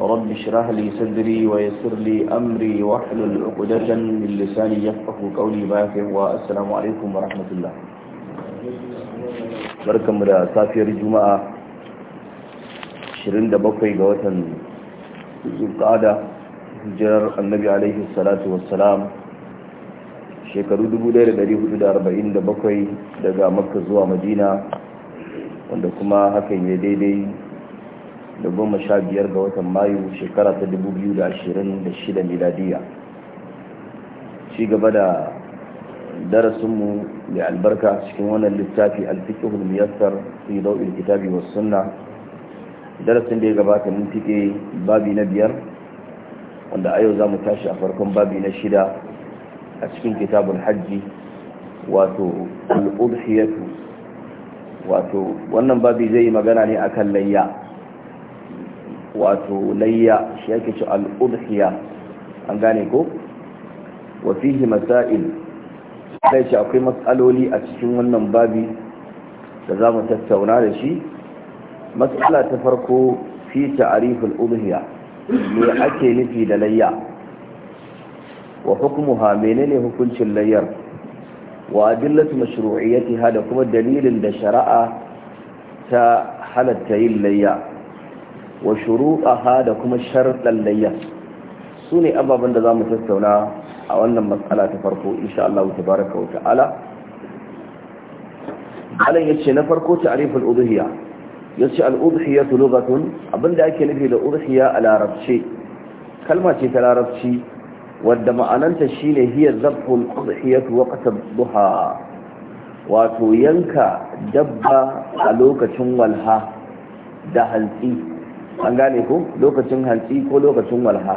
رب اشرح لي صدري ويسر لي أمري واحلل عقدة من لساني يفقه قولي باكر والسلام عليكم ورحمة الله barkan mu da safiyar juma'a 27 ga watan zulqa'ada hijirar annabi alaihi salatu wassalam shekaru 1447 daga makka zuwa madina wanda kuma hakan ya daidai da goma sha biyar ga watan mayu shekara ta dubu biyu da ashirin da shida miladiya ci gaba da darasinmu mai albarka cikin wannan littafi alfiqhul muyassar yi dau'il kitabi was sunna darasin da ya gabata mun babi na biyar wanda a yau zamu tashi a farkon babi na shida a cikin kitabun hajji wato al wato wannan babi zai magana ne akan layya wato layya shi yake ci al'udhiya an gane ko masail sai ce akwai matsaloli a cikin wannan babi da za mu tattauna da shi matsala ta farko fi ta'riful udhiya me ake nufi da layya wa hukmuha menene hukuncin layyar wa adillatu mashru'iyyatiha da kuma dalilin da shari'a ta halatta yin layya wa shuruaha da kuma sharɗan layya su ne ababen da za mu tattauna a wannan matsala ta farko insha Allah ta baraka wa ta'ala alan yace na farko ta'riful udhiya yace al-udhiya lughatun abinda ake nufi da udhiya a larabci kalma ce ta larabci wadda ma'ananta shine hiya zabhul udhiyatu waqt ad-duha wato yanka dabba a lokacin walha da hantsi an gane ko lokacin hantsi ko lokacin walha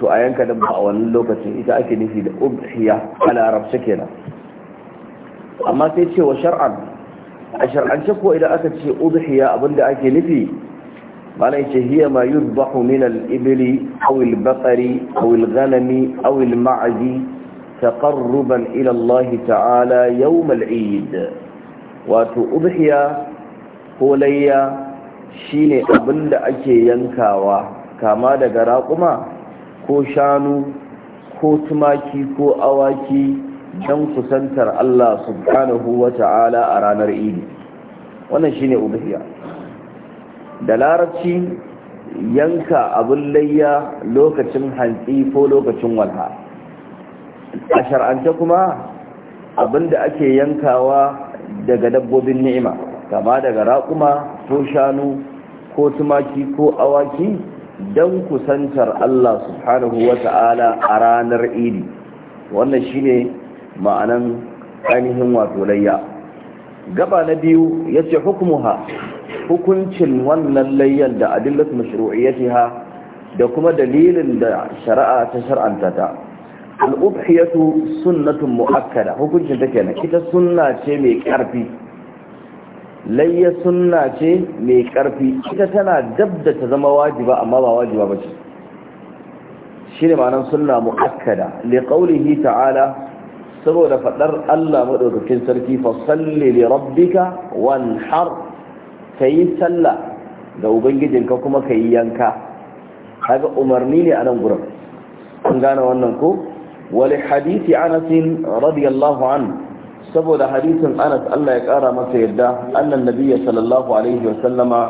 to a yanka ba a wani lokacin ita ake nufi da ubhiya a larabce kenan amma sai ce wa shar'an a shar'ance ko idan aka ce ubhiya abinda ake nufi mana yace hiya ma yudbahu min al awil aw al ganami aw ma'azi ghanami aw ila ta'ala yawm al wato ubhiya ko layya shine abin da ake yankawa kama daga raƙuma ko shanu ko tumaki ko awaki don kusantar Allah subhanahu wa ta'ala a ranar idi wannan shine ubuhiya da larabci yanka abin layya lokacin hantsi ko lokacin walha a shar'ance kuma abin da ake yankawa daga dabbobin ni'ima kama daga raƙuma ko shanu ko tumaki ko awaki don kusantar Allah subhanahu wa ta'ala a ranar idi wannan shine ma'anan ainihin wato layya gaba na biyu ya ce hukumuha hukuncin wannan layyan da adillat ha, da kuma dalilin da shari'a ta shar'anta ta al'ubhiyatu sunnatun mu'akkada hukuncin take na ita sunna ce mai ƙarfi layya sunna ce mai karfi ita tana dab da ta zama wajiba amma ba wajiba ba ce shi ne ma'anar sunna mu'akkada li qaulihi ta'ala saboda faɗar Allah madaukakin sarki fa salli li rabbika wanhar kayi sallah Da ubangijinka kuma kayi yanka kaga umarni ne a nan gurin kun gane wannan ko wal hadisi Anas radiyallahu anhu saboda hadisin anas Allah ya kara masa yadda annan nabiyya sallallahu alaihi wa sallama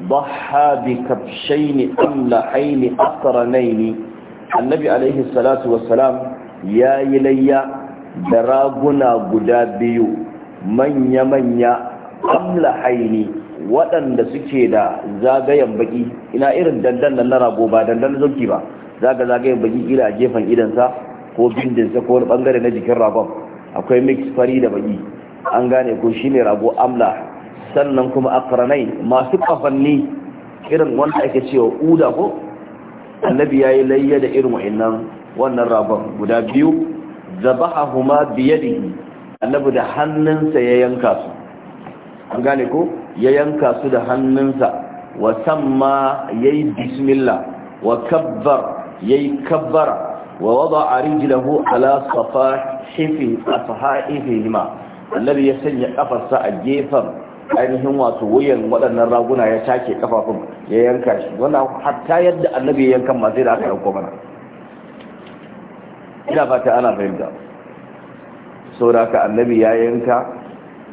ضحى بكبشين أملحين أقرنين النبي عليه الصلاة والسلام يا guda biyu, manya-manya يمن أملحين waɗanda suke da zagayen baki ina irin dandan na rago ba dandan zunki ba zaga zagayen baki ila gefen idansa ko bindinsa ko wani bangare na jikin ragon akwai mix fari da baki an gane ko shine rago amla sannan kuma akranai masu kafanni irin wanda ake cewa uda ko annabi yayi layya da irin wa'annan wannan ragon guda biyu zabahahuma biyadihi annabi da hannunsa ya yanka su an gane ko ya yanka su da hannunsa wa samma yayi bismillah wa kabbar yayi kabbara ووضع رجله على صفاح حفي أصحائفهما الذي يسني قفص الجيفر ainihin wato wuyan waɗannan raguna ya take kafafun ya yanka shi wannan hatta yadda annabi ya ma masu da aka yanko mana ina fata ana fahimta saboda ka annabi ya yanka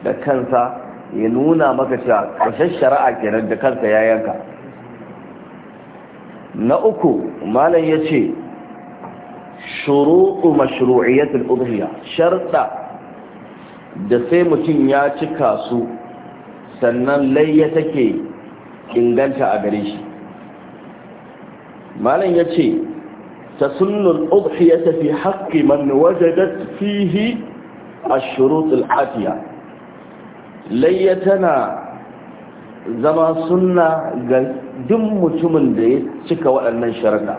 da kansa ya nuna maka cewa ƙarshen shari'a kenan da kansa ya yanka na uku malam ya ce shuru'u mashru'iyyatul udhiya sharda da sai mutum ya cika su sannan layya take inganta a gare shi malam yace tasunnul ta fi haqqi man wajadat fihi ash-shurut al layya tana zama sunna ga duk mutumin da ya cika waɗannan sharuɗa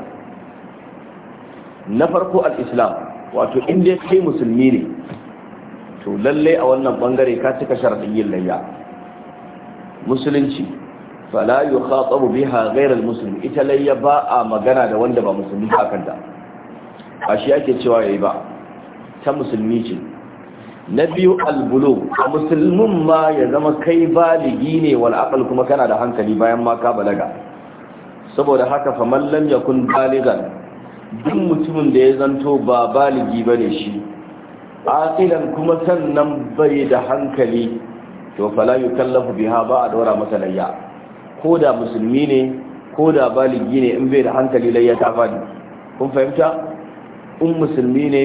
na farko al-islam wato inda kai musulmi ne to lallai a wannan bangare ka cika sharadin yin layya musulunci fala yukhatabu biha ghayra al ita layya ba a magana da wanda ba musulmi ba kanta ba shi yake cewa yayi ba ta musulmi ce na biyu albulu a musulmin ma ya zama kai baligi ne wal akal kuma kana da hankali bayan ma ka balaga saboda haka faman ya yakun baligan duk mutumin da ya zanto ba baligi ba ne shi Asilan kuma sannan bai da hankali to fala yukallafu biha ba a daura masa layya ko da musulmi ne ko da baligi ne in bai da hankali layya ta fadi kun fahimta in musulmi ne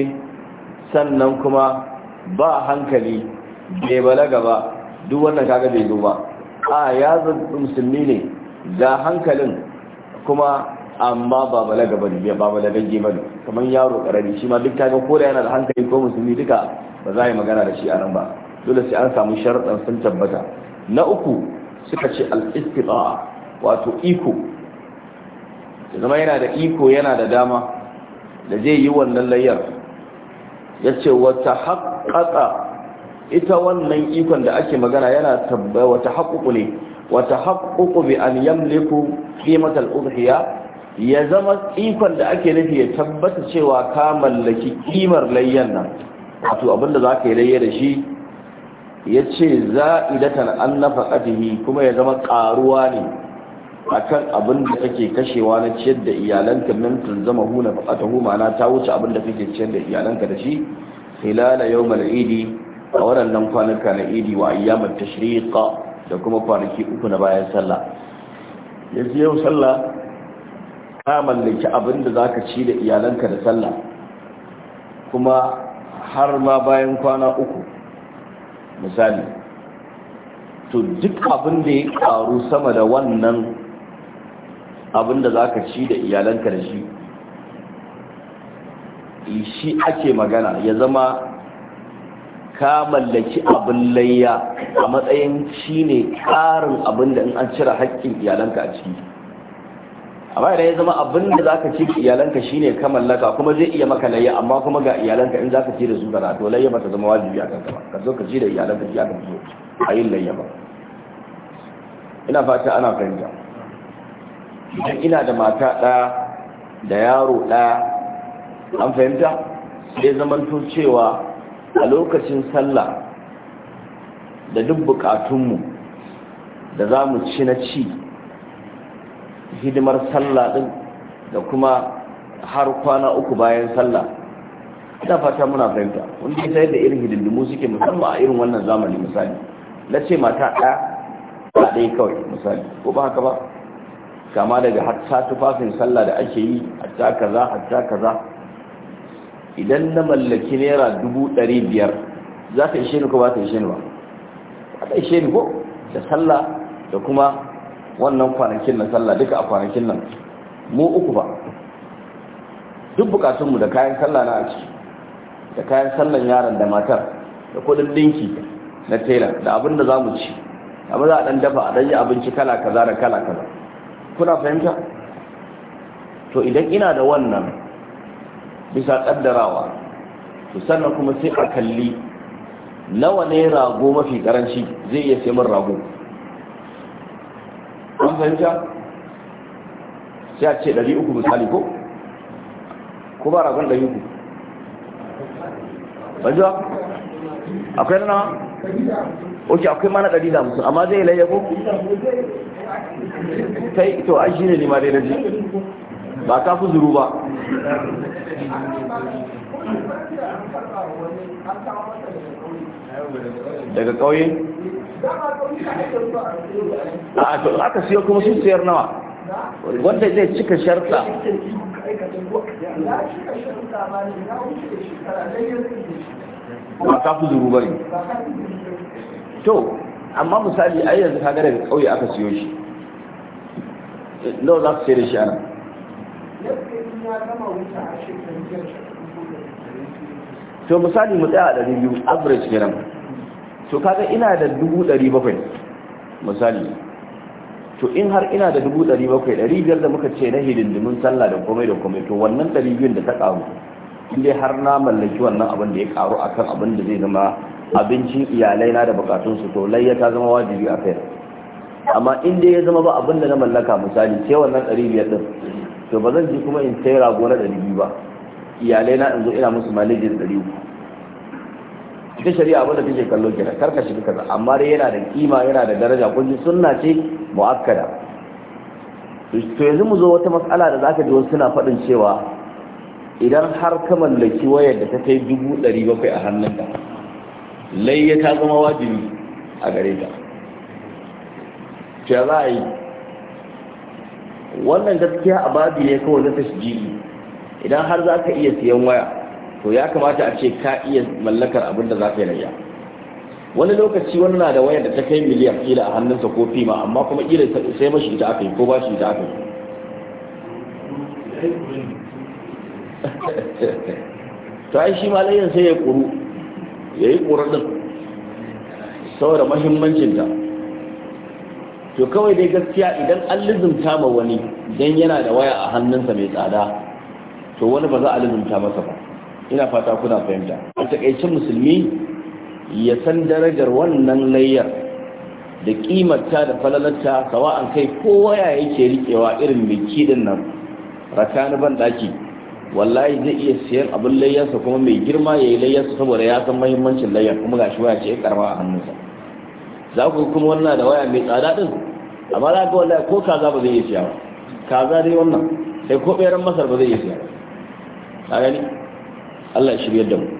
sannan kuma ba hankali bai balaga ba duk wannan kaga bai zo ba a ya musulmi ne Da hankalin kuma amma ba balaga bane ba balagagge bane kamar yaro karami shi ma duk kaga ko da yana da hankali ko musulmi duka ba za a yi magana da shi a nan ba dole sai an samu sharaɗan sun tabbata na uku suka ce al-istita'a wato iko da zama yana da iko yana da dama da zai yi wannan layar ya ce wata haƙaƙa ita wannan ikon da ake magana yana tabbata wata haƙuƙu ne wata haƙuƙu bi an yamliku qimatal udhiya ya zama ikon da ake nufi ya tabbata cewa ka mallaki kimar layyan nan wato abinda za ka yi layya da shi ya ce za'idatan an na faƙatihi kuma ya zama ƙaruwa ne a kan abin da kake kashewa na ciyar da iyalanka min zama huna faƙatahu ma'ana ta wuce abin da kake ciyar da iyalanka da shi hilala yau mal'idi a waɗannan kwanuka na idi wa ayyamar tashriqa da kuma kwanaki uku na bayan sallah yanzu yau sallah ka mallaki abin da za ka ci da iyalanka da sallah kuma har ma bayan kwana uku misali to duk abin da ya karu sama da wannan abin da za ka ci da iyalanka da shi shi ake magana ya zama ka mallaki abin layya a matsayin shi ne ƙarin abin da in an cire haƙƙin iyalanka a ciki amma idan ya zama abin da zaka ci iyalanka shine ka mallaka kuma zai iya maka layya amma kuma ga iyalanka in zaka ci da su bara to layya bata zama wajibi a kanka ba ka zo ka ci da iyalanka ki aka zo a yin layya ba ina fata ana fahimta idan ina da mata ɗaya da yaro ɗaya an fahimta sai to cewa a lokacin sallah da duk bukatunmu da za mu ci na ci hidimar sallah din da kuma har kwana uku bayan sallah ina fata muna fahimta wanda ya sayar da irin hidindimu suke musamman a irin wannan zamani misali na ce mata ɗaya ba ɗaya kawai misali ko ba haka ba kama daga hatta tufafin sallah da ake yi hatta kaza hatta kaza idan na mallaki naira dubu ɗari biyar za ta ishe ni ko ba ta ishe ni ba ta ishe ni ko da sallah da kuma wannan kwanakin na sallah duka a kwanakin nan mu uku ba duk bukatunmu da kayan sallah na a ciki da kayan sallan yaron da matar da kudin dinki na tela da abin da za mu ci amma za a dan dafa a dan yi abinci kala kaza da kala kaza kuna fahimta to idan ina da wannan bisa kaddarawa to sannan kuma sai a kalli nawa ne rago mafi karanci zai iya sai min rago an fahimta sai a ce 300 misali ko ko ba ragon 300 akwai nana oke akwai mana musu amma zai layya ko kai to an shi ne nima dai na ba ka fi zuru ba daga kauye to aka siyo kuma sun siyar nawa wanda zai cika sharta ba ka fi zuru bane to amma misali a yanzu kaga da kauye aka siyo shi nawa za su sai da shi ana to misali mu tsaya a ɗari biyu average kenan to kaga ina da dubu ɗari bakwai misali to in har ina da dubu ɗari bakwai ɗari biyar da muka ce na hidindimin sallah da komai da komai to wannan ɗari biyun da ta ƙaru in dai har na mallaki wannan abin da ya ƙaru akan abin da zai zama abincin iyalai na da bukatunsu to layya ta zama wajibi a kai amma in dai ya zama ba abin da na mallaka misali sai wannan ɗari biyar ɗin to ba zan ji kuma in sai rago na ɗari biyu ba iyalai na in zo ina musu malejin ɗari uku ita shari'a abin da take kallo kenan karka shiga kaza amma dai yana da kima yana da daraja kun ji sunna ce muakkada to yanzu mu zo wata matsala da zaka ji wasu suna faɗin cewa idan har ka mallaki wayar da ta kai dubu ɗari bakwai a hannunka ya ta zama wajibi a gare ta ce za a yi wannan gaskiya a babi ne kawai na tashjiri idan har za ka iya siyan waya to ya kamata a ce ka iya mallakar abin da za ka yi rayya wani lokaci wani na da wayar da ta kai miliyan kila a hannunsa ko fima amma kuma kila sai mashi da aka yi ko ba shi da aka yi to ai shi malayin sai ya kuru ya yi kurar din saboda mahimmancinta to kawai dai gaskiya idan an lizumta ma wani don yana da waya a hannunsa mai tsada to wani ba za a lizumta masa ba ina fata kuna fahimta a takaicin musulmi ya san darajar wannan layyar da kimarta da falalarta an kai kowa ya yake rikewa irin biki din nan rakani ban daki wallahi zai iya siyan abin layyarsa kuma mai girma ya yi layyarsa saboda ya san mahimmancin layyar kuma gashi waya ce ya karba a hannunsa za ku kuma wannan da waya mai tsada din amma za ga wallahi ko kaza ba zai iya siya ba kaza dai wannan sai ko beran masar ba zai iya siya ba a gani Allah shirye da mu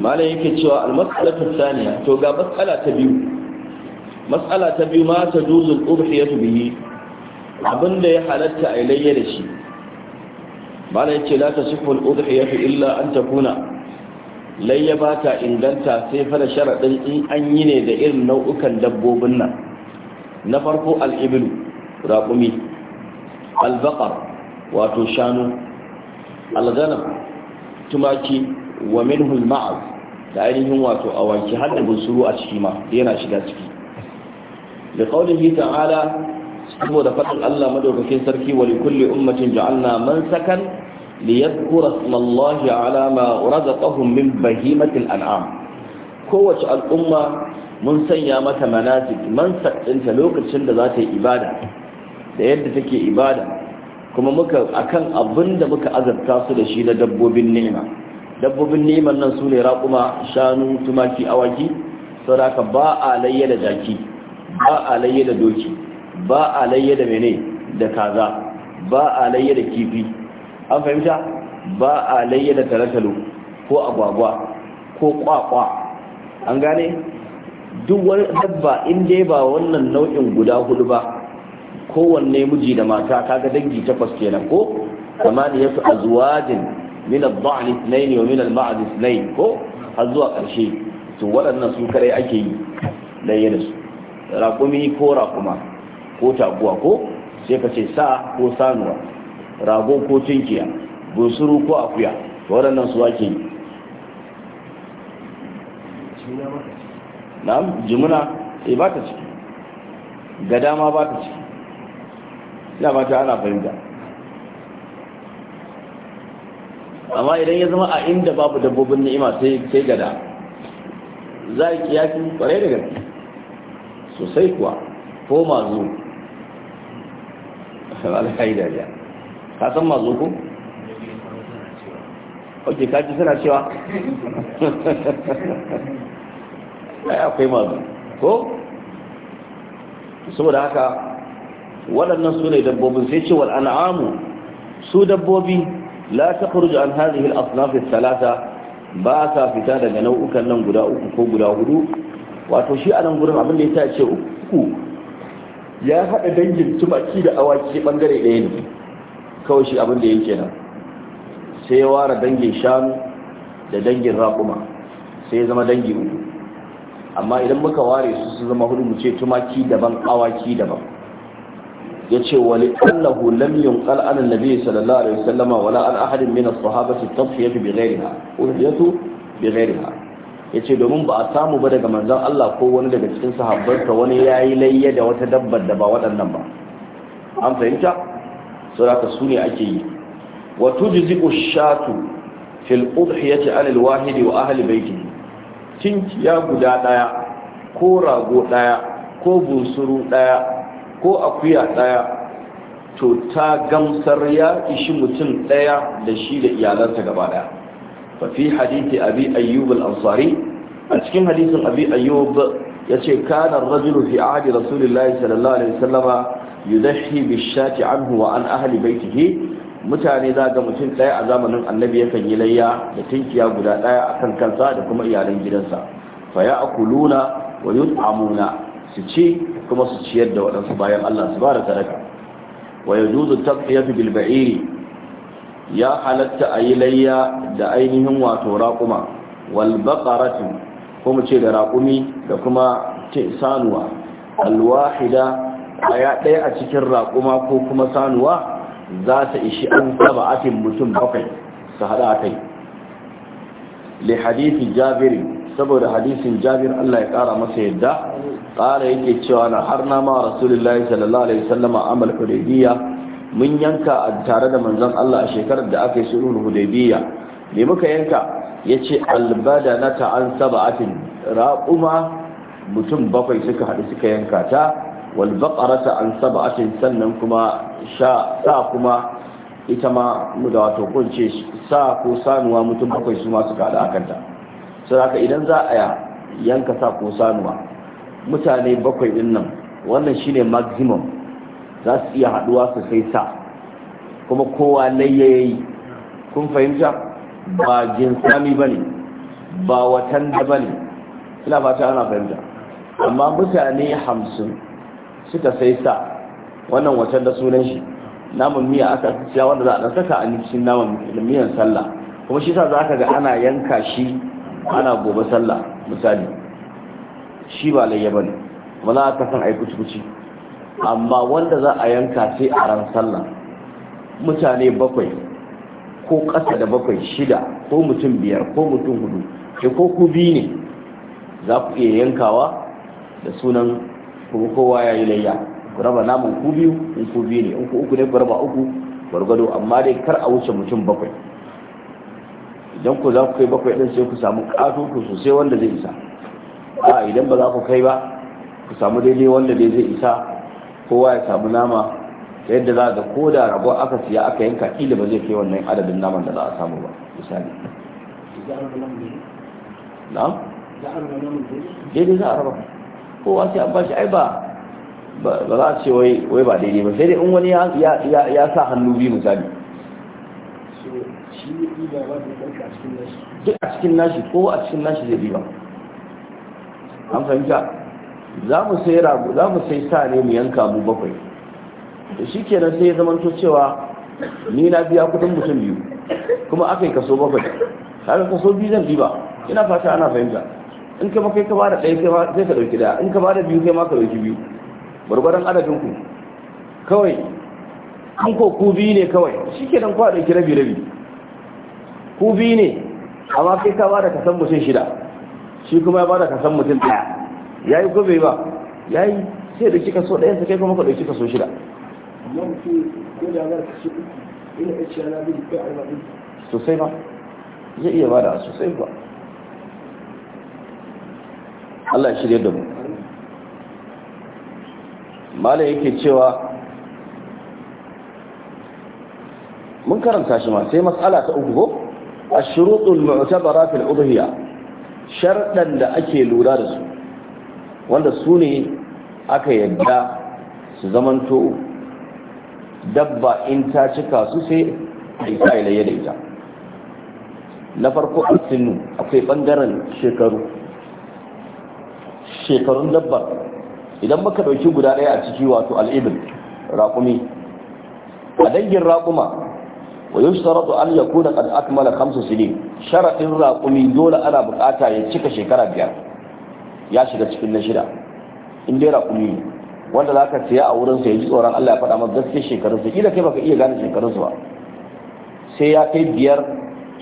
malam yake cewa al-mas'alatu thaniya to ga mas'ala ta biyu mas'ala ta biyu ma ta juzul ubhiyatu bihi abinda ya halatta a layya da shi malam yace la tasifu al-udhiyatu illa an takuna layya ba ta inganta sai fara sharadin in an yi ne da irin nau'ukan dabbobin nan na farko al raƙumi. raqumi al-baqar wato shanu al-ghanam tumaki wa minhul ma'az da ainihin wato awaki har da bunsuru a ciki ma yana shiga ciki da qaulihi ta'ala saboda faɗin Allah madaukakin sarki wa likulli ummatin ja'alna mansakan liyadhkura smallahi ala ma razaqahum min bahimatil an'am kowace al'umma mun sanya mata manasik mansak ɗinta lokacin da za ta yi ibada da yadda take ibada kuma muka akan abin da muka azabta su da shi na dabbobin ni'ima dabbobin ni'iman nan su ne raƙuma shanu tumaki awaki saboda ba a layya da jaki ba a layya da doki ba a layya da mene da kaza ba a layya da kifi an fahimta ba a layya da taratalo ko agwagwa ko kwakwa an gane duk wani dabba in dai ba wannan nau'in guda hudu ba kowanne miji da mata kaga dangi takwas kenan ko yasu azwajin min ad-dha'n ithnayn wa min al-ma'd ithnayn ko har zuwa karshe to waɗannan su kare ake yi laye da su raƙumi ko raƙuma ko taguwa ko sai ka ce sa ko sanuwa rago ko tinkiya bunsuru ko akuya to waɗannan su ake yi na'am jimuna eh ba ta ciki ga dama ba ta ciki na mata ana fahimta amma idan ya zama a inda babu dabbobin ni'ima sai sai gada za ki yaki kwarai da gani sosai kuwa ko mazu alhaji dariya ka san mazu ko ok kaji suna cewa ya akwai mazu ko saboda haka waɗannan su ne dabbobin sai ce wal an'amu su dabbobi la takhruju an hadhihi al asnaf al thalatha ba sa fita daga nau'ukan nan guda uku ko guda hudu wato shi a nan gurin abin da ya ce uku ya haɗa dangin tumaki da awaki bangare ɗaya ne kawai shi abin da yake nan sai ya ware dangin shanu da dangin raƙuma sai ya zama dangi uku amma idan muka ware su su zama hudu mu ce tumaki daban awaki daban yace wali annahu lam yunqal an annabi sallallahu alaihi wala an ahadin min as-sahabati tadhiyatu bi ghayriha uhdiyatu bi yace domin ba a samu ba daga manzon Allah ko wani daga cikin sahabbansa wani yayi layya da wata dabbar da ba waɗannan ba an fahimta saboda su ne ake yi wa tujzi ushatu fil udhiyati an al-wahid wa ahli baytihi tinkiya guda ɗaya, ko rago ɗaya, ko bunsuru ɗaya. ko akuya ɗaya to ta gamsar ya ishi mutum ɗaya da shi da iyalansa gaba ɗaya fa fi hadithi abi ayyub al-ansari a cikin hadisin abi ayyub yace kana ar-rajulu fi ahdi rasulillahi sallallahu alaihi wasallama yudahi shati anhu wa an ahli baitihi mutane za ga mutum ɗaya a zamanin annabi yakan yi layya da tinkiya guda ɗaya akan kansa da kuma iyalan gidansa fa ya akuluna wa yut'amuna su ci kuma su ciyar da waɗansu bayan Allah su ba da sadaka wa yajuzu taqiyatu bil Bilbairi ya halatta ayi layya da ainihin wato raƙuma, wal baqaratu kuma mu ce da raƙumi da kuma ce sanuwa al wahida aya ɗaya a cikin raƙuma ko kuma sanuwa za ta ishi an saba'atin mutum bakwai su haɗa kai li hadithi jabirin saboda hadisin jabir Allah ya kara masa yadda kara yake cewa na har nama ma rasulullahi sallallahu alaihi wasallam amal hudaybiya mun yanka a tare da manzon Allah a shekarar da aka yi sulhul hudaybiya me muka yanka yace albadanata an sab'atin raquma mutum bakwai suka hadu suka yanka ta wal baqarata an sab'atin sannan kuma sha sa kuma ita ma mu da wato kunce sa ko sanuwa mutum bakwai su ma suka a akanta sai idan za a yanka sa ko sanuwa mutane bakwai din nan wannan shine maximum za su iya haduwa su sai sa kuma kowa layayi kun fahimta ba jinsami bane ba watan da bane ina fata ana fahimta amma mutane hamsin suka sai sa wannan watan da sunan shi namun miya aka ciya wanda za a dan saka a nishin namun miyan sallah kuma shi sa za ka ga ana yanka shi ana gobe sallah misali shi ba layya bane ba za a kasan a yi kuci amma wanda za a yanka sai a ran sallah mutane bakwai ko ƙasa da bakwai shida ko mutum biyar ko mutum hudu ke ko ku biyu ne za ku iya yankawa da sunan ko kowa ya yi layya ku raba namun ku biyu in ku biyu ne in ku uku ne ku raba uku gwargwado amma dai kar a wuce mutum bakwai idan ku za ku kai bakwai ɗin sai ku samu ƙatoto sosai wanda zai isa a idan ba za ku kai ba ku samu daidai wanda dai zai isa kowa ya samu nama ta yadda za ga ko da rago aka siya aka yanka kila ba zai kai wannan adadin naman da za a samu ba misali na'am daidai za a raba kowa sai an bashi ai ba ba za a ce wai ba daidai ba sai dai in wani ya sa hannu biyu misali duk a cikin nashi ko a cikin nashi zai biyu an fahimta za mu sai ragu za mu sai sa ne mu yanka mu bakwai da shi kenan sai ya zamanto cewa ni na biya kudin mutum biyu kuma aka yi kaso bakwai kaga kaso biyu zan ba. ina fata ana fahimta in ka kai ka bada ɗaya kai ma sai ka ɗauki ɗaya in ka bada biyu kai ma ka ɗauki biyu barbaran adadin ku kawai an ko ku biyu ne kawai shi kenan ku a ɗauki rabi rabi ku biyu ne amma kai ka bada kasan mutum shida shi kuma ya bada kasan mutum daya ya yi gobe ba ya yi sai da kika so ɗaya sai kai kuma ka ɗauki kaso shida sosai ba zai iya bada sosai ba Allah shirya da mu mala yake cewa mun karanta shi ma sai matsala ta uku ko A الشروط المعتبرة في uruhiya, شرطا da ake lura da su wanda su ne aka yadda su zamanto dabba in ta cika su sai a isa ilayya da ita na farko a sinu akwai ɓangaren shekaru shekarun dabbar idan baka ɗauki guda ɗaya a ciki wato al'ibin raƙumi a dangin raƙuma wa yustaratu an yakuna qad akmala khamsu sinin sharadin raqumi dole ana bukata ya cika shekara biyar ya shiga cikin na shida in dai raqumi wanda zaka siya a wurin sa ya ji tsoron Allah ya faɗa maka gaskiyar shekarun sa kila kai baka iya gane shekarun sa ba sai ya kai biyar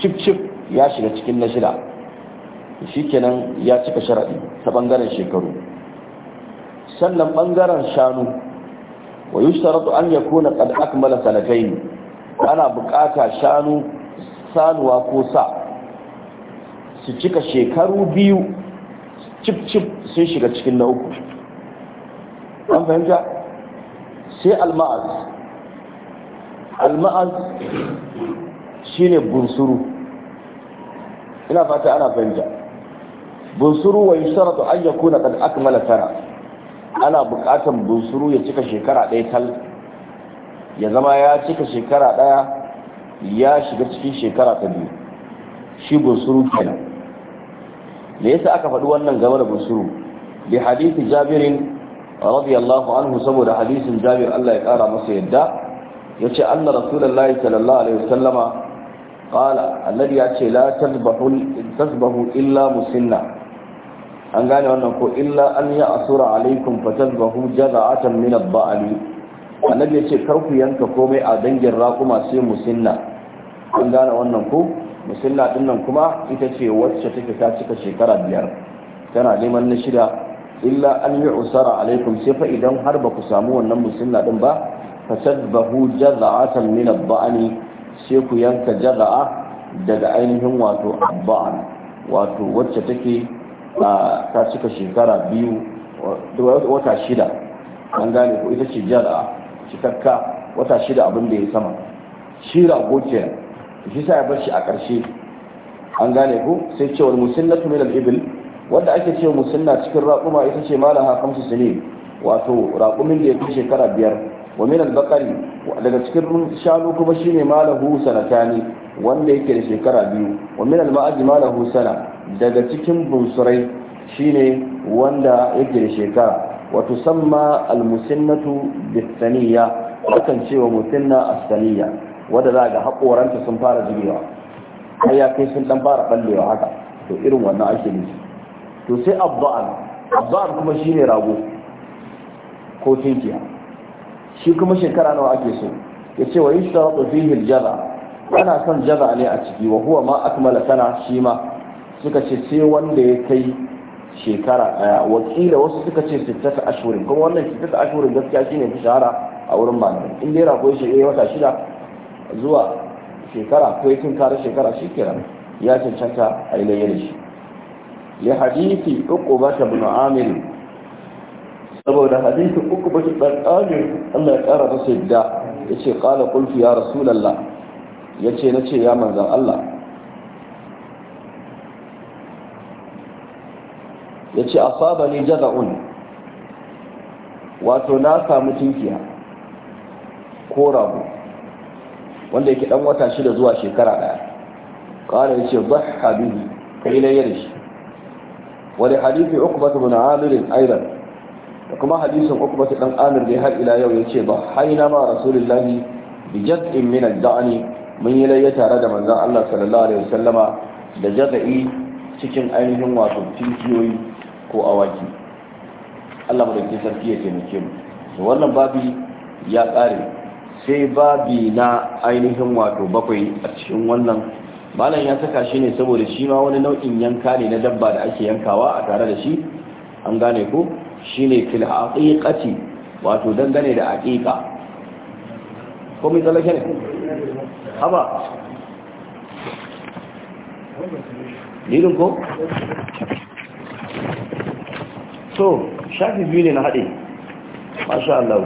cip cip ya shiga cikin na shida shikenan ya cika sharadi ta bangaren shekaru sannan bangaren shanu wa yushtaratu an yakuna qad akmala sanatayn ana bukata shanu sanuwa ko sa su cika shekaru biyu cip-cip sun shiga cikin na uku an fahimta sai alma'az alma'az ne bunsuru ina fata ana fahimta bunsuru wa yusharatu an yakuna qad akmala tara ana bukatan bunsuru ya cika shekara ɗaya tal ya zama ya cika shekara daya ya shiga cikin shekara ta biyu shi bunsuru kenan da yasa aka faɗi wannan game da bunsuru bi hadisi jabirin radiyallahu anhu saboda hadisin jabir Allah ya ƙara masa yadda ya yace anna rasulullahi sallallahu alaihi wasallama qala alladhi ce la tasbahu tasbahu illa musinna an gane wannan ko illa an ya asura alaikum fatasbahu jaza'atan min ad-da'ali annabi ya ce kar ku yanka komai a dangin raƙuma sai musinna an gane wannan ku musinna din nan kuma ita ce wacce take ta cika shekara biyar tana neman na shida illa an yi usara alaikum sai fa idan har ba ku samu wannan musinna din ba fasadbahu jaza'atan min ad sai ku yanka jaza'a daga ainihin wato abba'an wato wacce take ta cika shekara biyu wata shida an gane ku ita ce jaza'a cikakka wata shida abin da ya sama Shira rago shi sa ya bar shi a ƙarshe an gane ku sai cewar musillatu min al-ibil wanda ake cewa musinna cikin raƙuma ita ce malaha kamsu sinin wato raƙumin da ya fi shekara biyar wa min al daga cikin shanu kuma shine malahu sanatani wanda yake da shekara biyu wa min al-ma'aji malahu sana daga cikin bunsurai shine wanda yake da shekara wa tusamma al-musinnatu bis-saniyya cewa musinna as wanda za ga haƙoranta sun fara jigewa har ya kai sun dan fara ballewa haka to irin wannan ake nufi to sai abba'an abba'an kuma ne rago ko tinkiya shi kuma shekara nawa ake so ya ce wa yushtaratu fihi al-jaza ana son jaza ne a ciki wa huwa ma akmala sana shi ma suka ce sai wanda ya kai shekara daya wakila wasu suka ce sittata ashurin kuma wannan sittata ashurin gaskiya shine fi shahara a wurin malamai in dai rago shi ya wata shida zuwa shekara ko yakin kare shekara shikenan ya cancanta a ilayya da shi li hadisi uquba ibn amir saboda hadisi uquba ibn amir Allah ya kara masa yadda yace qala qultu ya rasulullah yace nace ya manzon Allah ya ce saba ne jaza'un wato na samu tinkiya ko rabu wanda yake dan wata shida zuwa shekara daya kawai ya ce ba bihi kai na yare shi wani hadithi ukbat bin amirin aidan da kuma hadisin ta dan amir ne har ila yau ya ce ba haina ma lahi bi jaz'in min da'ani. mun yi layya tare da manzan Allah sallallahu alaihi wasallama da jaza'i cikin ainihin wato tinkiyoyi ko awaki Allah madaukakin sarki ya taimake mu to wannan babi ya kare sai babi na ainihin wato bakwai a cikin wannan malam ya saka shi ne saboda shi ma wani nau'in yanka ne na dabba da ake yankawa a tare da shi an gane ko shine fil haqiqati wato dangane da haqiqa ko mai tsallake ne haba Lirin ko? to shafi biyu ne na haɗe masha allahu,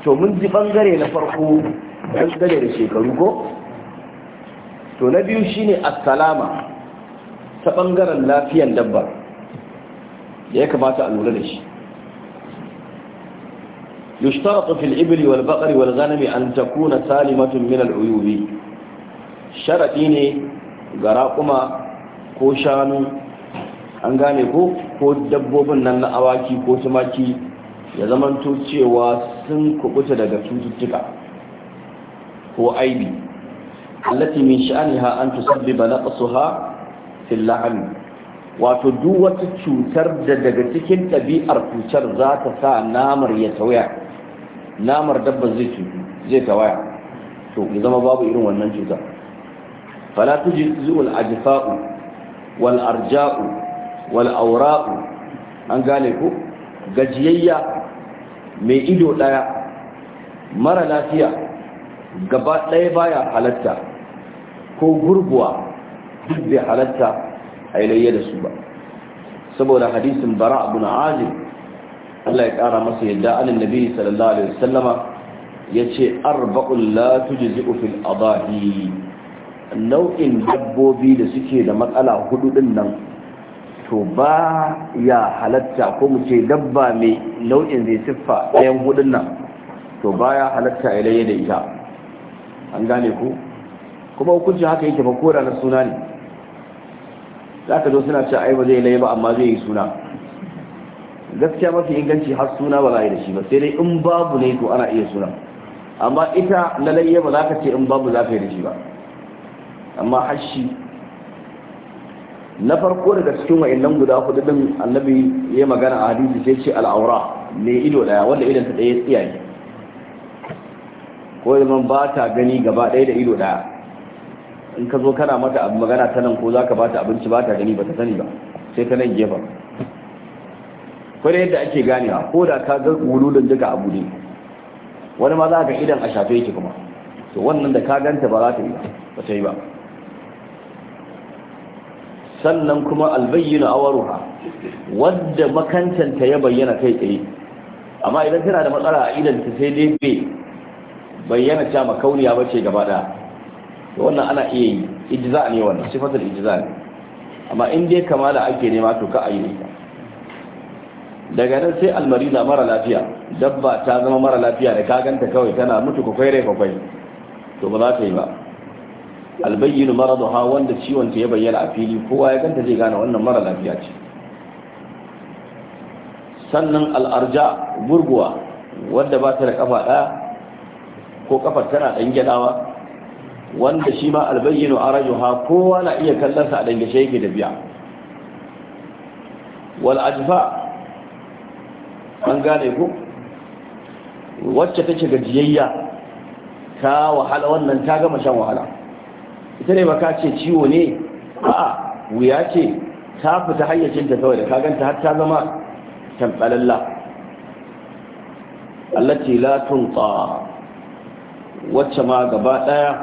to mun ji ɓangare na farko bangare da shekaru ko to na biyu shi shine assalama ta ɓangaren lafiyan dabba da ya kamata a lura da shi يشترط في الإبل والبقر والغنم أن تكون سالمة من العيوب شرطيني Gara kuma ko shanu an gane ko ko dabbobin nan na awaki ko tumaki ya zamanto cewa sun kubuta daga cututtuka ko aibi allati min sha'aniha an tusabbiba naqsuha fil lahm wato duk wata cutar da daga cikin ɗabi'ar cutar za ta sa namar ya tawaya namar dabba zai zai tawaya to ya zama babu irin wannan cutar فلا تجزئ الأجفاء والأرجاء والأوراء an gane ku gajiyayya mai ido ɗaya mara lafiya gaba ɗaya baya halatta ko gurguwa duk bai halatta a ilayya da su ba saboda hadisin bara abu na azim Allah ya ƙara masa yadda anin nabi sallallahu alaihi wasallama ya ce arba'un la tujzi'u fil adahi nau'in dabbobi da suke da matsala hudu din nan to ba ya halatta ko mu ce dabba mai nau'in zai siffa ɗayan hudun nan to ba ya halatta ya laye da ita an gane ku kuma hukuncin haka yake ba kora na suna ne za ka zo suna ce ai ba zai laye ba amma zai yi suna gaskiya mafi inganci har suna ba za a yi da shi ba sai dai in babu ne to ana iya suna amma ita na laye ba za ka ce in babu za ka yi da shi ba amma hashi na farko daga cikin wa'annan guda hudu din annabi ya magana a hadisi sai ce al'aura ne ido daya wanda idan ta daya tsiyaye ko zaman ba ta gani gaba daya da ido daya in ka zo kana mata abu magana ta nan ko za ka bata abinci ba ta gani ba ta sani ba sai ta nan gefen kwada yadda ake ganewa ko da ka ga wululun duka abu ne wani ma za ka idan a shafe yake kuma to wannan da ka ganta ba za ta yi ba ba ta yi ba sannan kuma albayyana awaruha wadda makantanta ya bayyana kai tsaye amma idan tana da matsala a idon ta sai dai bai bayyana ta makauniya bace gaba daya wannan ana iya yi ijza ne wannan sifatul ijza ne amma in dai kamala ake nema to ka ayi daga nan sai almarida mara lafiya dabba ta zama mara lafiya da ka ganta kawai tana mutu kwakwai rai kwakwai to ba za ta yi ba albayyinu maraduha wanda ciwon ta ya bayyana a fili kowa ya ganta zai gane wannan mara lafiya ce sannan al'arja gurguwa wadda ba ta da kafa ɗaya ko kafar tana ɗan gyaɗawa wanda shi ma albayyinu arajuha kowa na iya kallonsa a dangashe yake da biya wal ajfa an gane ku wacce take gajiyayya ta wahala wannan ta gama shan wahala ita ne baka ce ciwo ne a'a wuya ce ta fita hayyacinta kawai da ganta har ta zama tambalalla allati la tunqa wacce ma gaba ɗaya,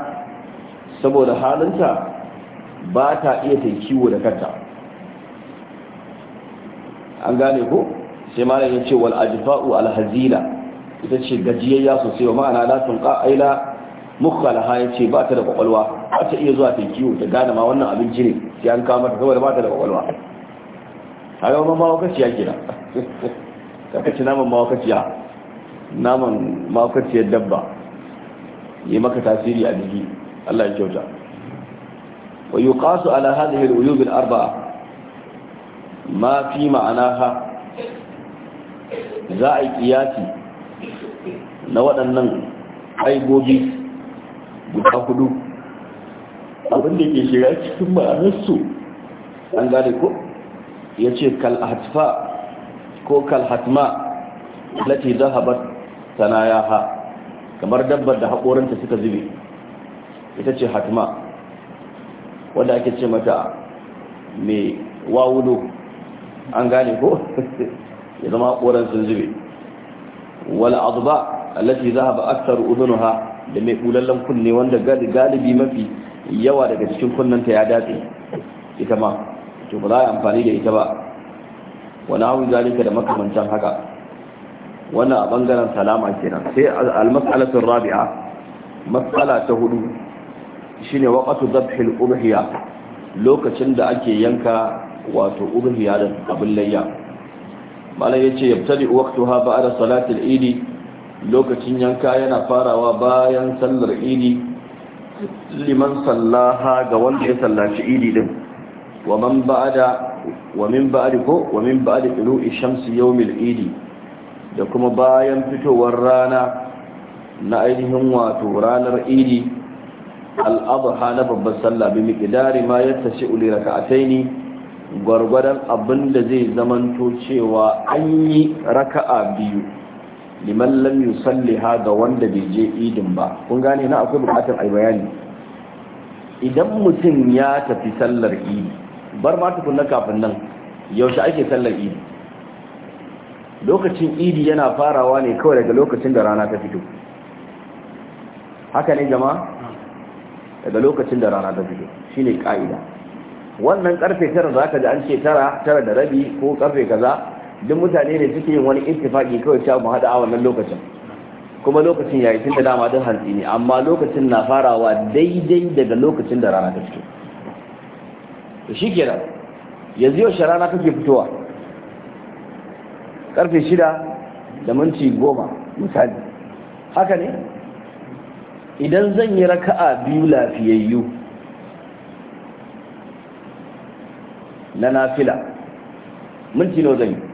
saboda halinta ba ta iya ta kiwo da kanta an gane ko sai malam ya ce wal ajifa'u al ita ce gajiyayya sosai wa ma'ana la tunqa aila mukhala ha yace ba ta da ƙwaƙwalwa? a ta iya zuwa ta kiwo ta gane ma wannan abinci ne sai an kama ta saboda ba ta da kwakwalwa a ga wannan mawakaciya kira kaka ci naman mawakaciya naman mawakaciyar dabba yi maka tasiri a jiki Allah ya kyauta wa kasu ala hadhihi al-uyub al-arba'a ma fi ma'anaha za a yi kiyasi na waɗannan aibobi guda hudu abinda ke shiga cikin ma'anarsu an gane ko ya ce kalhatfa ko kalhatma lati zahabat sanayaha kamar dabbar da haƙoranta suka zube ita ce hatma wanda ake ce mata mai wawudo an gane ko ya zama haƙoran sun zube wala azuba lati zahaba akthar udunha da mai kulallan kunne wanda galibi mafi yawa daga cikin kunnanta ya dace ita ma to ba za a amfani da ita ba wani hau zalika da makamancin haka wannan a bangaren salama kenan sai almas'alatul rabi'a mas'ala ta hudu shine waqtu dhabhil ubhiya lokacin da ake yanka wato ubhiya da abin layya malai yace yabtadi waqtuha da salatil idi lokacin yanka yana farawa bayan sallar idi liman sallaha ga wanda ya sallaci idi din wa man wa min ba'di ko wa min ba'di tulu'i shamsi yawmil idi da kuma bayan fitowar rana na ainihin wato ranar idi al'adha na babbar sallah bi miqdari ma yattashi uli raka'ataini gwargwadon abin da zai zamanto cewa an yi raka'a biyu liman lam yusalliha ga wanda bai je idin ba kun gane na akwai bukatar ai bayani idan mutum ya tafi sallar idi bar ma tukunna kafin nan yaushe ake sallar idi lokacin idi yana farawa ne kawai daga lokacin da rana ta fito haka ne jama'a daga lokacin da rana ta fito shine ka'ida wannan karfe 9 zaka ji an ce tara, 9 da rabi ko karfe kaza duk mutane ne suke yin wani intifaki kawai cewa mu hada a wannan lokacin kuma lokacin yayi tun da dama duk hantsi ne amma lokacin na farawa daidai daga lokacin da rana ta fito to shikenan yanzu yau sharana kake fitowa karfe shida da minti goma misali haka ne idan zan yi raka'a biyu lafiyayyu na nafila minti nawa zan yi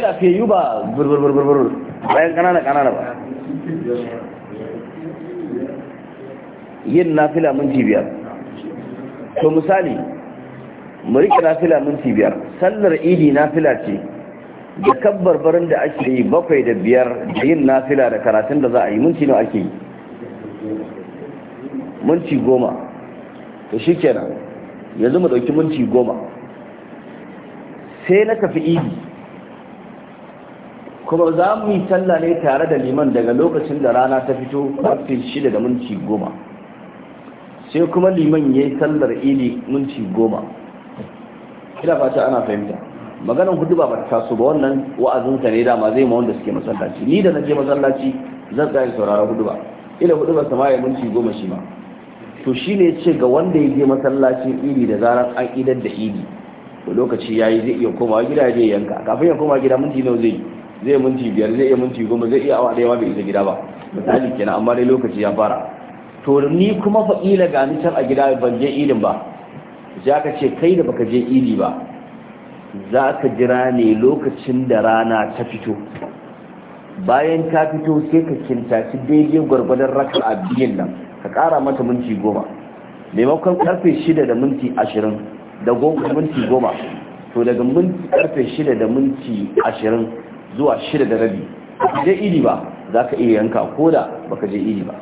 kai yi ba burburburburburu bayan kanana kanana ba yin nafila minti biyar to misali mu nafila minti biyar sallar idi nafila ce da kabbar barin da ake yi bakwai da biyar da yin nafila da karatun da za a yi minti na ake yi minti goma ta shi kenan yanzu mu ɗauki minti goma sai na tafi idi kuma za mu yi sallah ne tare da liman daga lokacin da rana ta fito ƙarfe shida da minti goma sai kuma liman ya yi sallar ili minti goma ina fata ana fahimta Maganin hudu ba ba ta su ba wannan wa'azinsa ne dama zai ma wanda suke masallaci ni da na je masallaci zan tsaya saurara hudu ba ila hudu ba sama ya minti goma shi ma to shi ne ce ga wanda ya je masallacin ili da zarar an idar da ili. to lokaci ya yi zai iya komawa gida ya je yanka kafin ya koma gida minti nawa zai yi zai minti biyar zai iya minti goma zai iya awa ɗaya ma bai isa gida ba misali kenan amma dai lokaci ya fara to ni kuma fa'ila ga can a gida ban je ilin ba za ka ce kai da baka je ili ba za ka jira ne lokacin da rana ta fito bayan ta fito sai ka kintaci daidai gwargwadon raka a biyun nan ka ƙara mata minti goma maimakon karfe shida da minti ashirin da goma minti goma to daga minti karfe shida da minti ashirin zuwa shida da rabi ba je idi ba za ka iya yanka ko da ba ka je idi ba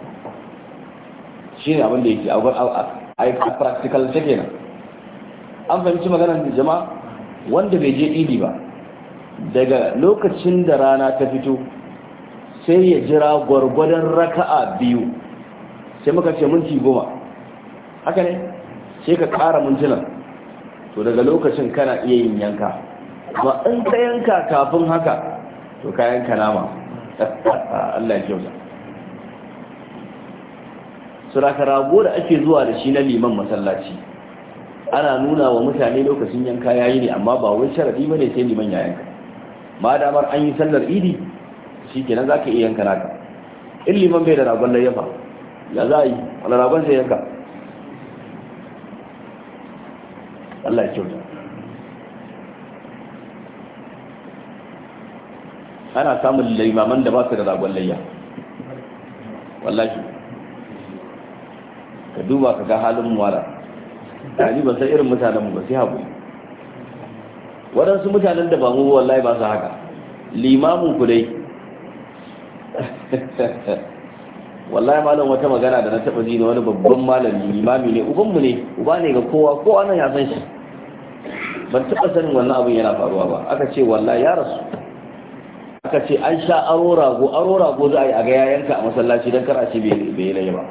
shi ne abin yake a practical ta kenan an fahimci maganar jama'a wanda bai je iri ba daga lokacin da rana ta fito sai ya jira gwargwadon raka'a biyu sai muka ce minti goma haka ne sai ka kara mintunan to daga lokacin kana iya yin yanka ba in ka yanka kafin haka to kayan kalama Allah ya kyauta suraka rago da ake zuwa da shi na liman masallaci ana nuna wa mutane lokacin yanka yayi ne amma ba wai sharadi bane sai liman ya yanka ma damar an yi sallar idi shi ke za zaka iya yanka naka in liman bai da ragon layyafa ya za yi wani ragon sai yanka Allah ya kyauta ana samun laimaman da ba su da zagon layya wallahi ka duba ka ga halin wala dani ba sai irin mutanenmu ba sai haƙuri waɗansu mutanen da ba mu wallahi ba su haka limamin ku dai wallahi malam wata magana da na taɓa ji na wani babban malami limami ne ubanmu ne uba ne ga kowa kowa nan ya san shi ban taɓa sanin wannan abin yana faruwa ba aka ce wallahi ya rasu aka ce an sha aro rago aro rago za a yi a ga yayanka a masallaci don kar a ce bai yi laye ba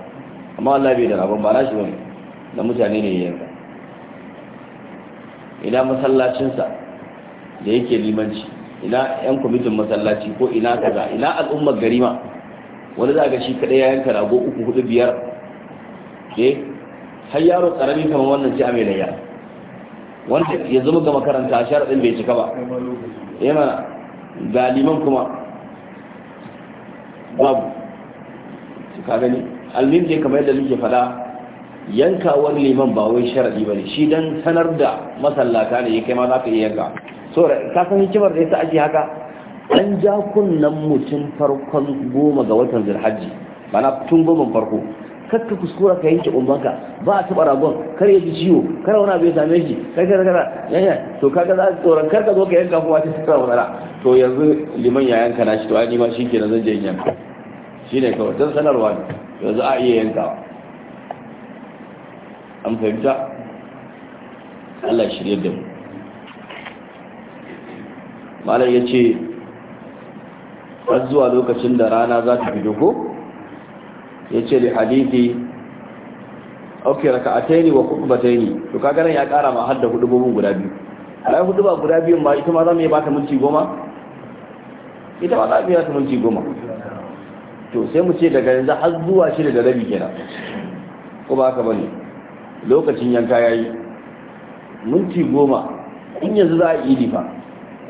amma Allah bai da rabon ba na shi ne, da mutane ne yanka ina masallacinsa da yake limanci ina yan kwamitin masallaci ko ina kaza ina al'ummar garima wani za ga shi kaɗai ya yanka rago uku hudu biyar eh har yaro karami kamar wannan ci a mai layya wanda ya zama ga makaranta sharaɗin bai cika ba eh mana galiman kuma babu su ka gani alim ne kamar yadda muke fada yankawar liman ba wai sharadi ba ne shi don sanar da masallata ne ya kai ma za ka iya yanka so ka san hikimar da ya sa haka an ja kunnen mutum farkon goma ga watan zirhajji na tun goma farko kakka kuskura ka yanke umbanka ba a taba ragon kar ya ji ciwo kar wani abu ya same shi kar kar kar yanya to kaga za ka tsoron kar ka zo ka yanka kuma ta tsara wani to yanzu liman ya yanka na shi to ani ma shi kenan zan je yanka shi ne kawai don sanarwa ne yanzu a iya yanka an fahimta Allah shirye da mu malam ya ce har zuwa lokacin da rana za ta fito ko Ya ce da hadithi a raka'ataini wa khutbataini to ka ganin ya kara ma da hudubobin guda biyu hudu ba guda biyun ba ita ma za mu yi bata minti goma ita ma za mu yi bata minti goma to sai mu ce daga yanzu har zuwa shi da rabi kenan ko ba ba bane lokacin yanka ya yi. minti goma in yanzu za a yi difa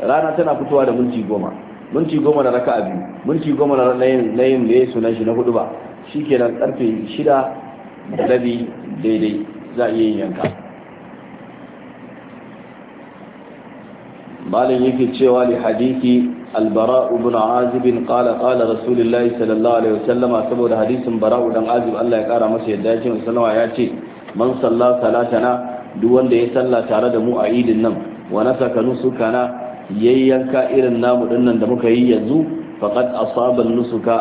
rana tana fitowa da minti goma minti goma na raka'a biyu minti goma na yin na yin da ya sunan shi na hudu ba shi kenan karfe shida da rabi daidai za a iya yin yanka malam yake cewa li hadisi albara ibn azib qala qala rasulullahi sallallahu alaihi wasallama saboda hadisin bara'u dan azib Allah ya kara masa yadda yake sallama ya ce man salla salatana duk wanda ya salla tare da mu a idin nan wa nasaka nusukana yayyanka irin namu dinnan da muka yi yanzu faqad asaba nusuka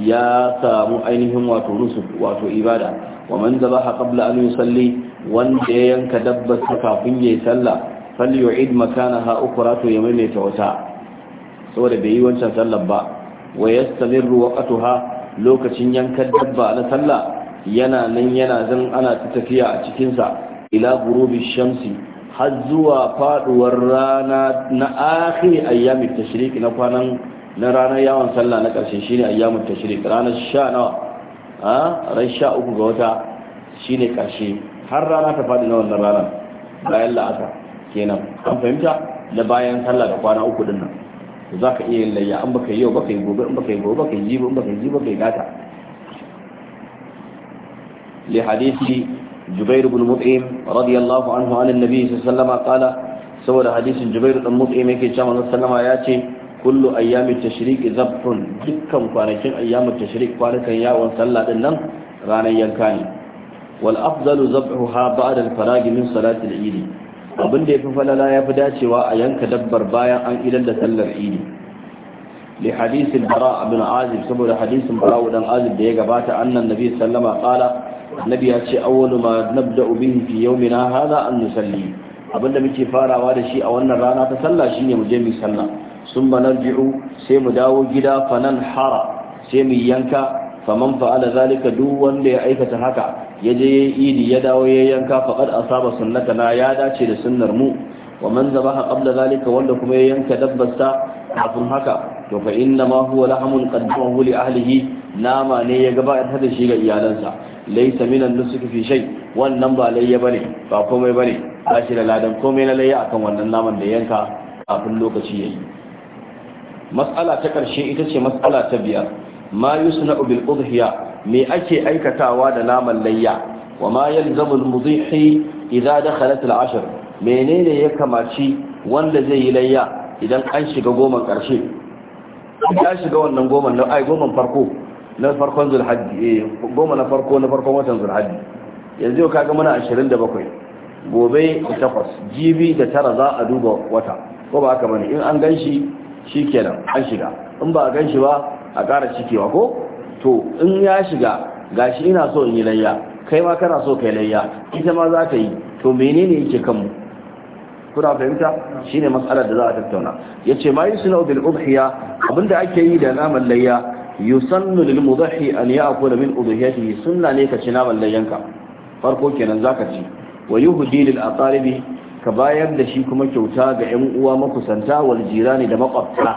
ya samu ainihin wato rusu wato ibada wa man zabaha qabla an yusalli wanda ya yanka dabba sa kafin yayi sallah yu'id makanaha ukra to ya mai maimaita wata saboda bai yi wancan sallar ba wa yastamirru waqtaha lokacin yanka dabba na sallah yana nan yana zan ana ta tafiya a cikin sa ila ghurubi shamsi har zuwa faduwar rana na akhir ayyamit tashriq na kwanan na ranar yawon sallah na ƙarshe shine ayyamun tashrik ranar sha nawa a ran sha uku ga wata shine ƙarshe har rana ta faɗi na wannan ranar bayan la'asa kenan an fahimta da bayan sallah da kwana uku din nan za ka iya yin layya an baka yau baka yi gobe an baka yi gobe baka yi jibi in baka yi jibi baka yi gata li hadisi jubair ibn mut'im radiyallahu anhu an annabi sallallahu alaihi wasallam qala saboda hadisin jubair ibn mut'im yake cewa manzon sallama ya ce kullu ayyamin tashriq zabhun dukkan kwanakin ayyamin tashriq kwanakan yawon sallah din nan ranar yanka ne wal afdalu zabhuha ba'da al faragi min salati al eid abin da yafi falala yafi dacewa a yanka dabbar bayan an idan da sallar eid li hadith al bara ibn azib saboda hadisin bara dan azib da ya gabata annan nabi sallama qala nabi ya ce awwalu ma nabda'u bihi fi yawmina hadha an nusalli abinda muke farawa da shi a wannan rana ta sallah shine mu je mu sallah sun manarji'u sai mu dawo gida fanan hara sai mu yanka faman fa'ala zalika duk wanda ya aikata haka ya je ya idi ya dawo ya yanka a saba sunnata na ya dace da sunnar mu wa man zabaha qabla zalika wanda kuma ya yanka dabbarsa kafin haka to fa inna ma huwa lahamun qaddamahu li ahlihi nama ne ya gabatar da shi ga iyalansa laysa minan nusuki fi shay wannan ba layya bane ba komai bane ba shi da ladan komai na layya akan wannan naman da yanka kafin lokaci yayi matsala ta ƙarshe ita ce matsala ta biyar ma yusna bil udhiya me ake aikatawa da naman layya wa ma yalzamu al mudhihi idza dakhalat al ashr menene ya kamaci wanda zai yi layya idan an shiga goma ƙarshe ya shiga wannan goman na ai goman farko na farkon zulhajji eh, goma na farko na farkon watan zulhajji yanzu yau kaga muna bakwai gobe 8 gb da tara za a duba wata ko ba haka bane in an ganshi shi kenan an shiga in ba a gan shi ba a ƙara cikewa ko to in ya shiga ga shi ina so in yi layya kai ma kana so kai layya ita ma za ta yi to menene yake kanmu kuna fahimta shine matsalar da za a tattauna yace ma yusna bil udhiya abinda ake yi da naman layya yusannu lil mudhi an ya'kula min udhiyatihi sunna ne ka ci naman layyanka farko kenan za ka ci wa yuhdi lil aqaribi ka bayar da shi kuma kyauta ga 'yan uwa makusanta wal jirani da makwabta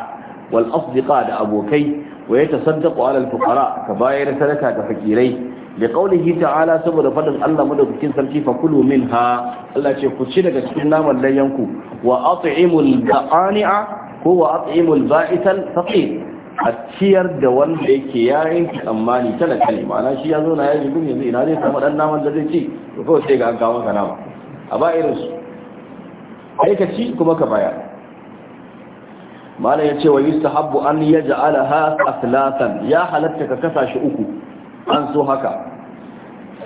wal asdiqa da abokai wa yatasaddaqu ala al fuqara ka bayar sadaka ga fakirai da qaulihi ta'ala saboda fadin Allah madaukakin sarki fa kulu minha Allah ce ku ci daga cikin naman layanku wa at'imul ba'ani'a ko wa at'imul ba'isan faqir a ciyar da wanda yake yayin tsammani talaka ne ma'ana shi ya zo na yaji gumi yanzu ina zai samu dan naman da zai ci to kawai sai ga an kawo a ba irin su aikaci kuma ka baya. mala ya ce wa yustahabbu an yaj'alaha aslatan ya halatta ka kasa shi uku an so haka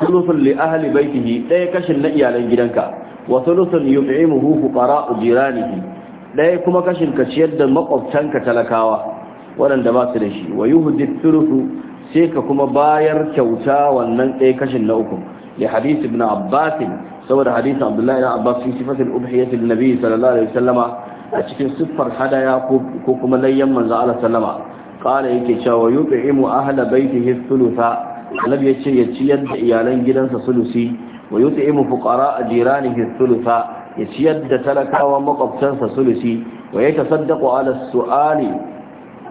thuluthun li ahli baitihi ɗaya kashin na iyalan gidanka wa thuluthun yut'imuhu fuqara'u jiranihi ɗaya kuma kashin ka ciyar da makwabtanka talakawa waɗanda ba su da shi wa yuhdi thuluthu sai ka kuma bayar kyauta wannan ɗaya kashin na uku li hadith ibn abbas saboda hadisin abdullahi ibn abbas fi sifatil ubhiyati lin nabi sallallahu alaihi wasallama a cikin siffar hadaya ko kuma layyan manzo Allah sallama qala yake cewa yut'imu ahla baitihi thulutha annabi yace ya ciyar da iyalan gidansa sulusi wa yut'imu fuqara jiranihi thulutha ya ciyar da talakawa makwabtansa sulusi wa yatasaddaqu ala su'ali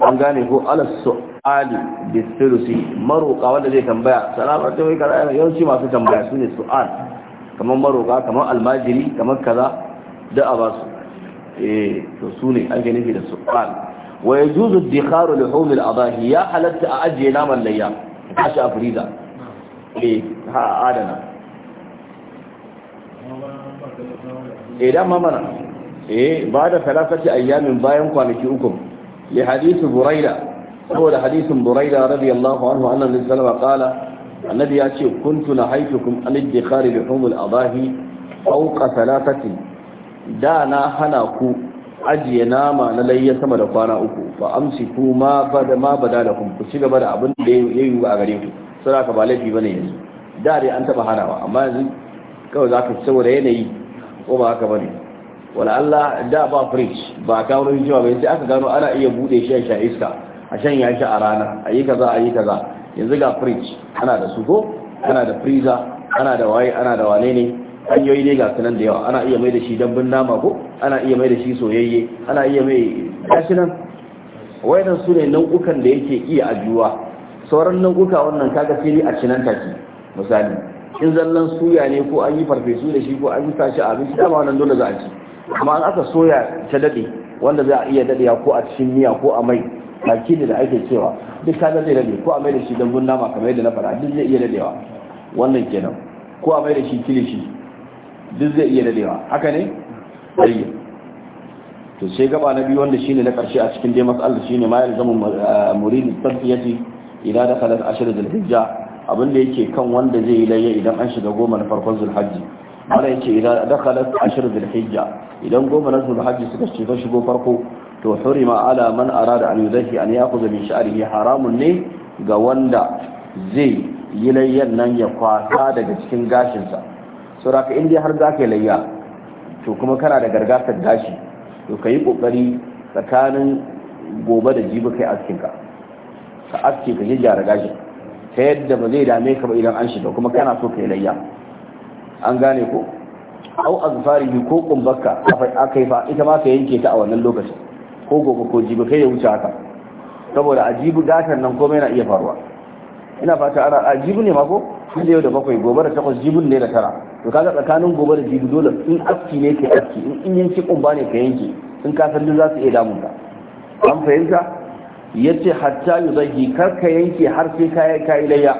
an gane ko ala su'ali bi thulusi maruqa wanda zai tambaya salamu alaikum yawanci masu tambaya sune su'al kamar maroka kamar almajiri kamar kaza da a basu eh su ne ake nufi da suqal wa yajuzu dikharu luhum al-adahi ya halatta a ajiye naman layya a shi a friza eh ha adana eh da mamana eh ba da salasati ayyamin bayan kwanaki uku li hadith buraida saboda hadithin buraida radiyallahu anhu annabi sallallahu alaihi wasallam qala annabi ya ce kuntu na haifukum an iddikhari luhumul adahi fawqa salatatin da na hana ku ajiye nama na layya sama da kwana uku fa amsi ku ma bada ma bada da kun ku cigaba da abin da ya yi a gare ku sai ka ba laifi ba bane yanzu da dai an taba hanawa amma yanzu kawai za ka saboda yanayi ko ba haka ne wala Allah da ba fridge ba ka wurin jiwa bai sai aka gano ana iya bude shi a iska a shan ya shi a rana a yi kaza a yi kaza yanzu ga fridge ana da sugo ana da freezer ana da waye ana da wane ne hanyoyi ne ga sunan da yawa ana iya mai da shi dambun nama ko ana iya mai da shi soyayye ana iya mai gashi nan wayannan su ne nau'ukan da yake iya ajiyuwa sauran nau'uka wannan kaga sai a cinan taki misali in zallan suya ne ko an yi farfesu da shi ko an yi sashi abinci dama wannan dole za a ci amma an aka soya ta dade wanda za a iya dadewa ko a cikin miya ko a mai baki da ake cewa duk kaza zai rade ko a mai da shi dambun nama kamar yadda na fara duk zai iya dadewa wannan kenan ko a mai da shi kilishi duk zai iya dadewa haka ne ɗaya to sai gaba na biyu wanda shine na karshe a cikin dai mas'al shine ma yalzamu eh, murid tafiyati idan da kalas hijja zulhijja abinda yake kan wanda zai yi layya idan an shiga goma na farkon zulhajji mana yake idan dakhalat ashr hijja idan goma na zulhajji suka shiga shigo farko to hurima ala man arada an yudahi an yakhudha min sha'rihi haramun ne ga wanda zai yi layyan nan ya kwasa daga cikin gashinsa saboda ka inda har zaka layya to kuma kana da gargasar gashi to kai kokari tsakanin gobe da jibi kai askinka ka aske ka da gashi ta yadda ba zai dame ka ba idan an shiga kuma kana so ka yi layya an gane ko au azfarihi ko kumbakka akai fa ita ma ka yanke ta a wannan lokacin ko gobe ko jibi kai ya wuce haka saboda a jibi nan komai na iya faruwa ina fata ana a jibi ne mako tun da yau da bakwai gobe da takwas jibin ne da tara to kaga tsakanin gobe da jibi dole in aski ne ka aski in yanki kumba ne ka yanki in ka san za su iya damun ka an fahimta ya ce hatta yi zagi karka yanke har sai kayan kayi layya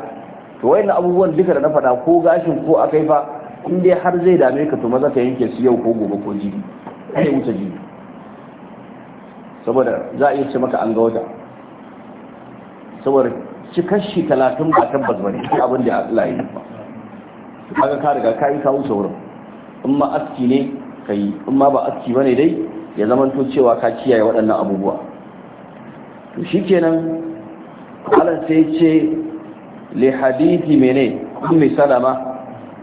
to wayannan abubuwan duka da na faɗa ko gashin ko akai fa in dai har zai dame ka to maza ka yanke su yau ko gobe ko jibi kai wuce jibi saboda za a iya ce maka an ga wata saboda cikar talatin ba tabbas ba ne abin da Allah ya nufa kaga ka riga ka yi kawo sauran in ma aski ne ka yi in ma ba aski ba ne dai ya zamanto cewa ka kiyaye waɗannan abubuwa to shi kenan Allah sai ce li hadithi mene ummi salama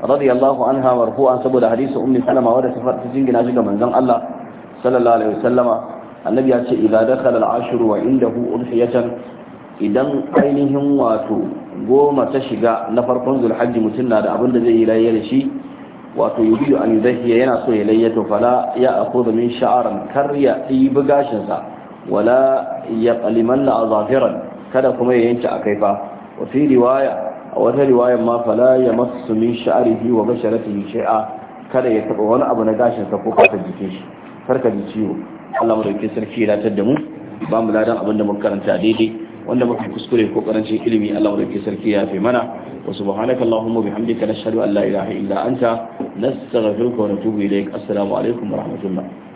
radiyallahu anha marfu'an saboda hadisi ummi salama wadda ta fara jingina shi ga manzon Allah sallallahu alaihi wasallama annabi ya ce idan dakhala al-ashr wa indahu udhiyatan idan ainihin wato goma ta shiga na farkon zulhajji mutum na da abin da zai yi layya da shi wato yubiyu an yana so ya layya to fala ya da min sha'ran kar ya ɗibi gashinsa wala ya qalimanna azafiran kada kuma ya yanke akaifa wa fi riwaya a wata riwaya ma fala ya masu min sha'arihi wa basharatihi shay'a kada ya taba wani abu na gashinsa ko kafin jikin shi farka ji ciwo Allah mu dauke sarki ya datar da mu ba mu ladan abin da muka karanta daidai wanda muka kuskure ko karancin ilimi Allah mu dauke sarki ya fi mana wa subhanaka allahumma bihamdika nashhadu an la ilaha illa anta nastaghfiruka wa natubu ilaik assalamu alaikum wa rahmatullah